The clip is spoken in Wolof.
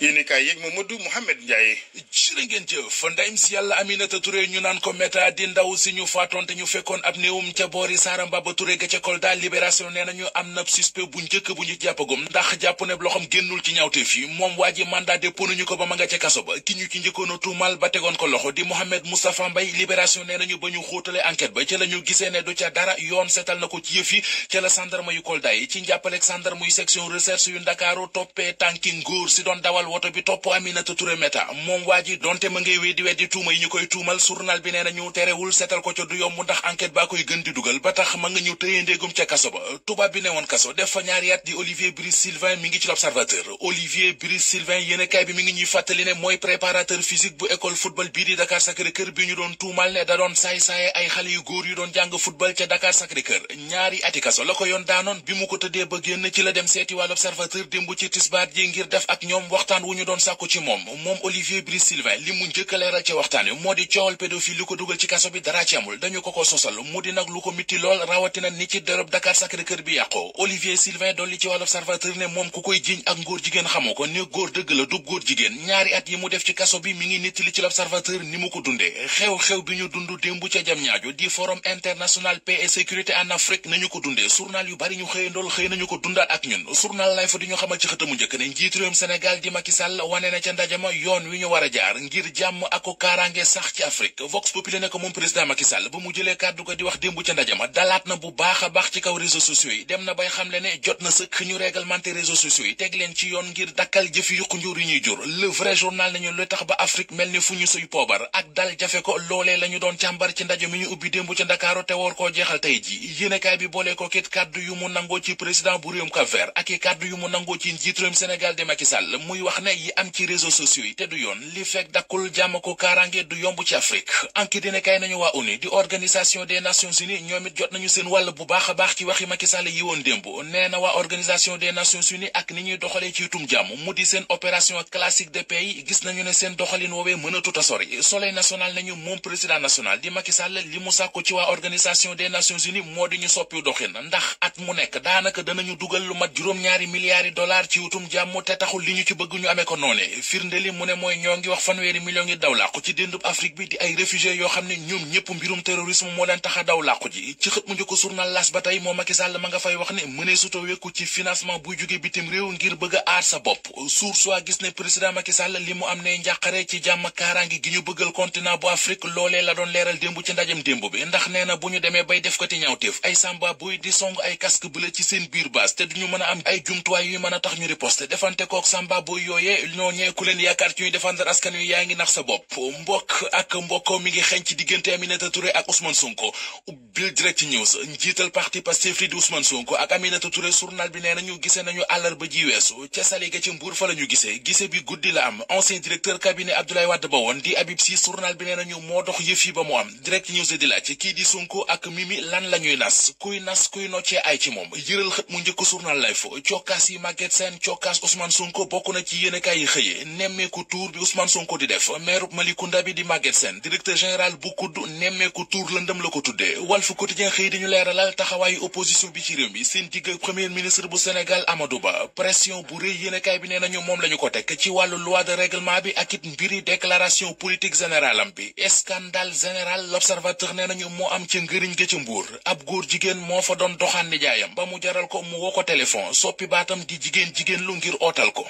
yéeni kaay yeeg Mamadou Mouhamed Ndiaye jërë ngeen jëf ndayim ñu naan ko méta di ndaw si ñu faatoon te ñu fekkoon ab néewum ca boori Sara ba Touré ga ca Kolda libération nee nañu am na suspect bu njëkk bu ñu jàppagum ndax jàpp ne loxoom génnul ci ñaawteef yi moom waa ji mandat dépôt nañu ko ba ma nga ca kaso ba ki ñu ci njëkkoon tuumal ba tegoon ko loxo di Mouhamed Moustapha Mbaye libération nee ñu ba ñu xóotale enquête ba ca la ñu gisee ne du ca dara yoon na ko ci yëf yi ca la sandarma yu Kolda yu section recherche yu Ndakaaru woto bi topp Aminata Touré Meta moom waa donte ma ngay weddi tuuma yi ñu koy tuumal journal bi nee ñu terewul seetal ko ca yomb ndax enquête baa koy gën di dugal ba tax ma nga ñu tëye ndéegum ca kaso ba tubaab bi ne woon kaso def fa ñaari at di Olivier Brice Sylvain mi ngi ci l'Observateur Olivier Brice Sylvain yéenekaay bi mi ngi ñuy fàttali ne mooy préparateur physique bu école football bii di Dakar Sacré-Cœur bi ñu doon tuumal ne da waxtaan wu ñu doon sàkku ci moom moom Olivier Brice Sylvain li mu njëkk leeral ci waxtaan wi moo di coowal pédophile li ko dugal ci kaso bi dara ci amul dañu ko sosal mu di ni mu ko dundee xew-xew bi ñu dund démb ca jam ñaajo di forum international paix et sécurité en Afrique nañu ko dundee journal yu bari ñu xëyandool xëy nañu ko dundaal ak ñun journal lay fa ñu xamal ci xëtamu njëkk ne njiit Sénégal di Macky Macky Sall wane na ca ndajama yoon wi ñu war a jaar ngir a sociaux yi dem ci yoon ngir dakkal jëfi yuq njur yi ñuy jur le vrai journal nañu lu tax ba Afrique mel ni fu ñu suy poobar ak dal jafe ko loolee la doon càmbar ci ndaje mi ñu ubbi démb ca Ndakaaru te woor koo jeexal tey ji yéenekaay bi boolee ko kit yu mu nangoo ci président bu réewum Cap-Vert ak i kàddu yu mu nangoo ci njiit réewum Sénégal di Macky muy wax ne yi am ci réseaux sociaux yi te du yoon li fekk dakkul jàmm ko kaaraange du yomb ci Afrique enquête dina kay nañu waa ONU di organisation des nations unies ñoom it jot nañu seen wàll bu baax a baax ci waxi Macky Sall yi woon démb nee na waa organisation des nations unies ak ni ñuy doxalee ci tum jàmm mu di seen opération classique de pays gis nañu ne seen doxalin woowee mën a tuta sori national nañu moom président national di Macky Sall li mu sàkku ci waa organisation des nations unies moo di ñu soppi doxin ndax at mu nekk dugal lu mat juróom-ñaari milliards yi ñu amee ko noonee mu ne mooy ñoo ngi wax fanweeri million ngi daw làqu ci déndub Afrique bi di ay réfugié yoo xam ne ñoom ñëpp mbirum terrorisme moo leen tax a daw làqu ji ci xët mu njëkk journal L'As ba tey moo Macky Sall ma nga fay wax ne mënee suta wekku ci financement buy jóge bitim réew ngir bëgg a aar sa bopp suur soit gis ne président Macky Sall li mu am ne njàqare ci jàmm kaaraangi gi ñu bëggal continent bu Afrique loolee la doon leeral bi ndax nee na bu a a yooye ñooñee ku leen yaakaar ci ñuy défendre askan wi yaa ngi nax sa bopp mbokk ak mbokkoo mi ngi xeeñ ci diggante Aminata Touré ak Ousmane Sonko ubbil direct news njiital parti Pastef li di Ousmane Sonko ak Aminata Touré journal bi nee ñu gisee nañu àllarba ji weesu ca Saliga ci Mbour fa la ñu gisee bi guddi la am ancien directeur cabinet Abdoulaye Wade ba woon di Habib Sy journal bi nee na ñu moo dox yëf yi ba mu am direct news di di la ñuy nas kuy nas kuy noccee ay ci moom yëral xët yéenekaay yi xëyee nemmeeku tuur bi Ousmane Sonko di def maire Malicounda bi di Maguette Sène directeur général bu kudd nemmeeku tuur lëndëm la ko tuddee Walf Quotidien xëy di ñu leeralal taxawaayu opposition bi ci réew mi seen digg premier ministre bu Sénégal Amadou Ba pression bu rëy yéenekaay bi nee nañu moom lañu ko teg ci wàllu loi de règlement bi ak it mbiri déclaration politique générale am bi scandale général L'Observateur nee nañu moo am ca ngëriñ ga ca Mbuur ab góor jigéen moo fa doon doxaan nijaayam ba mu jaral ko mu woo ko soppi baatam di jigéen jigéen lu ngir ootal ko